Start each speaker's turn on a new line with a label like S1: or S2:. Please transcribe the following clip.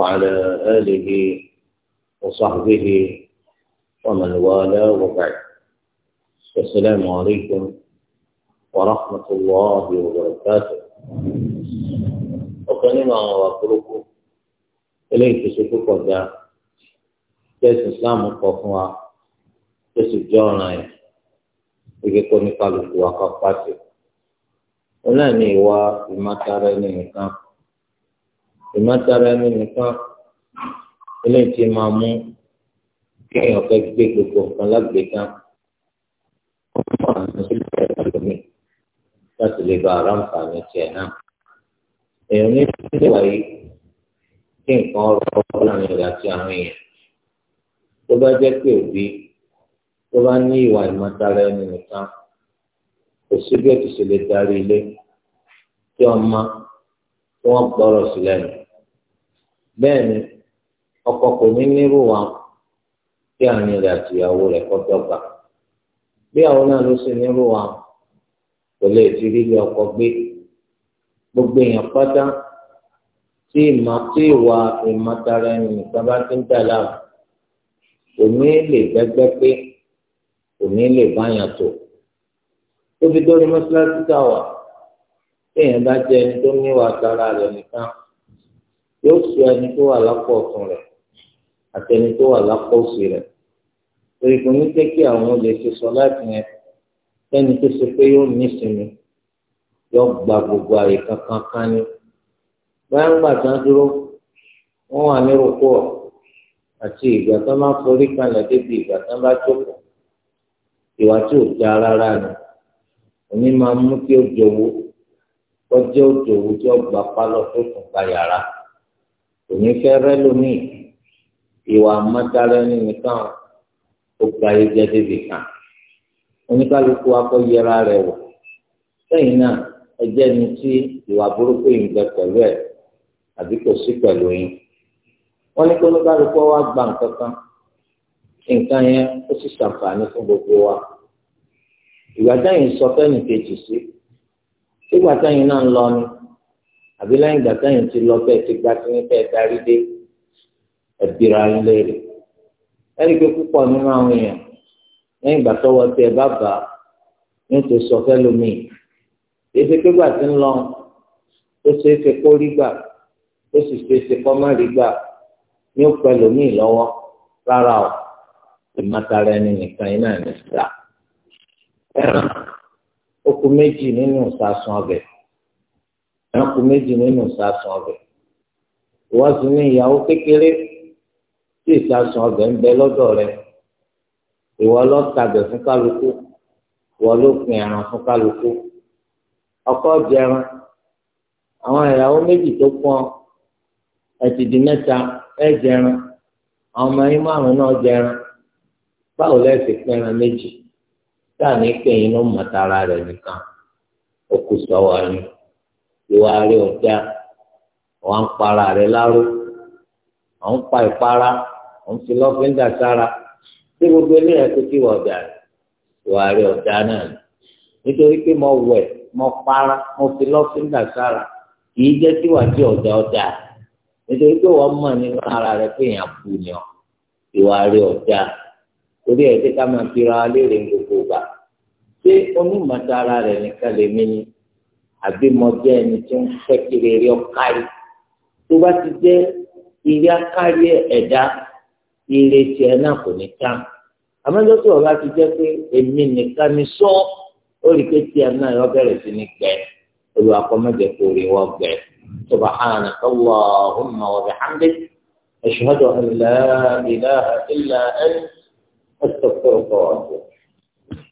S1: وعلى آله وصحبه ومن والاه وبعد السلام عليكم ورحمة الله وبركاته وكلمة وأقربه إليك شكوك وجاء جيش إسلام القفوة جيش الجونة يكون قلب وقفاته ولا نيوا ترى كان ìmọ̀tara ẹni nìkan eléyìí ti máa mú kéèyàn fẹ́ gbé gbogbo nǹkan lágbèéká fún àwọn sílẹ̀ ẹlòmíì láti lè ba ara nǹkan tiẹ̀ náà. èèyàn ní sílẹ̀ wáyé kí nǹkan ọ̀rọ̀ láàrin rẹ̀ àti àwọn èèyàn tó bá jẹ́ pé òbí tó bá ní ìwà ìmọ̀tara ẹni nìkan kò sí bí ó lè darí ilé tí ọmọ tí wọ́n gbọ́rọ̀ sí lẹ́nu bẹ́ẹ̀ ni ọkọ kò ní nírú wa kí àárín rẹ̀ àti ìyàwó rẹ̀ kọ́ dọ́gba bí àwọn náà ló sì nírú wa kò lè ti rí ilé ọkọ gbé gbogbo èèyàn pátá tí ìmọ̀ tí ìwà ìmọ̀tara ẹni nìkan bá ti ń dà láàbù kò ní lè gbẹgbẹ pé kò ní lè báyàn tó tóbi dórí mọ́ṣáláṣí tá a wà téèyàn bá jẹ ẹni tó níwà tara rẹ̀ nìkan yóò sọ ẹni tó wà lápò ọ̀tún rẹ̀ àti ẹni tó wà lápò òsì rẹ̀ torí kò ní jẹ́ kí àwọn olè ti sọ láti yẹn lẹ́ni tó ṣe pé yóò ní ìsinmi yóò gba gbogbo àyè kankan kan ní. báyà ń gbà tán dúró wọ́n wà ní rúkú ọ̀ àti ìgbà tán bá forí kalẹ̀ débi ìgbà tán bá jókòó ìwà tí ò já rárá ni òní máa mú kí ó jòwó kọjá òjòwó tí ó gbà pálọ̀ tó tún gba yàrá òní fẹ́ rẹ́ lómi ìwà mọ́tàlẹ́ nìkan ó gba ẹgbẹ́ débi kan oníkálukú akọ rẹ̀ wò lẹ́yìn náà ẹjẹ́ ni tí ìwà burúkú yìí ń bẹ pẹ̀lú ẹ̀ àbí kò sí pẹ̀lú yín wọ́n ní kí oníkálukú wa gba nǹkan kan nǹkan yẹn ó sì ṣàǹfààní fún gbogbo wa ìgbà táyìn sọ fẹ́nìkejì sí ìgbà táyìn náà ń lọ ni àbí lẹ́yìn ìgbà táyà ti lọ bẹ́ẹ̀ ti gba kíní bẹ́ẹ̀ darí dé ẹ̀bìrà ńlẹ́rẹ̀ ẹ̀rí pé púpọ̀ nínú àwọn èèyàn lẹ́yìn ìgbà tọwọ́ tẹ ẹ bá bà á ní tó sọ fẹ́lómìn èsì pégbà ti ń lọ tó ṣeé ṣe kó rí gbà tó sì ṣeé ṣe kó má rí gbà ní ó pẹlòmíì lọ́wọ́ rárá o ìmọ̀tara ẹni nìkan iná ẹ̀ sílá ẹ̀ràn ó méjì nínú ìsásùn ọbẹ̀ ẹranko méjì nínú ìsásùn ọbẹ̀ wọ́n sì ní ìyàwó kékeré tí ìsásùn ọbẹ̀ ń bẹ rẹ̀ ìwọ fún kálukú ìwọ ló pin fún kálukú ọkọ jẹran àwọn ìyàwó méjì tó pọn ẹtìdì mẹ́ta ẹ àwọn ọmọ yín márùn náà jẹran báwo lẹsẹ méjì táà ní ló mọ tara nìkan ìwà rẹ ọ̀dà wọn ń para rẹ láró wọn ń pa ìpara wọn ń fi lọ́fíńdà sára tí gbogbo eléyà tó ti wà ọ̀dà ìwà rẹ ọ̀dà náà nítorí pé mo wẹ̀ mo para mo fi lọ́fíńdà sára kì í jẹ́ tíwà tí ọ̀dà ọ̀dà nítorí pé wọ́n mọ̀ nínú ara rẹ pé èèyàn kú ni ọ ìwà rẹ ọ̀dà torí ẹ̀ tí ká máa fi ra léèrè gbogbo gbà ṣé onímọ̀tara rẹ̀ nìkan lè mí ni àbí mo jẹ́ ẹni tí ń fẹ́ kiri eré ọ̀kárí tó bá ti jẹ́ eré ọ̀kárí ẹ̀dá eré tiẹ̀ náà kò ní tán àmọ́jọ́ tó o bá ti jẹ́ pé èmi nìkan ni sọ ó rí pé tiẹ̀ náà yọ bẹ̀rẹ̀ sí ní gbẹ olùwàkọ́mọ́jẹ kò rí wọ́n gbẹ subhanaka allahumma wa bihamdik ashhadu an la ilaha illa anta astaghfiruka wa atubu.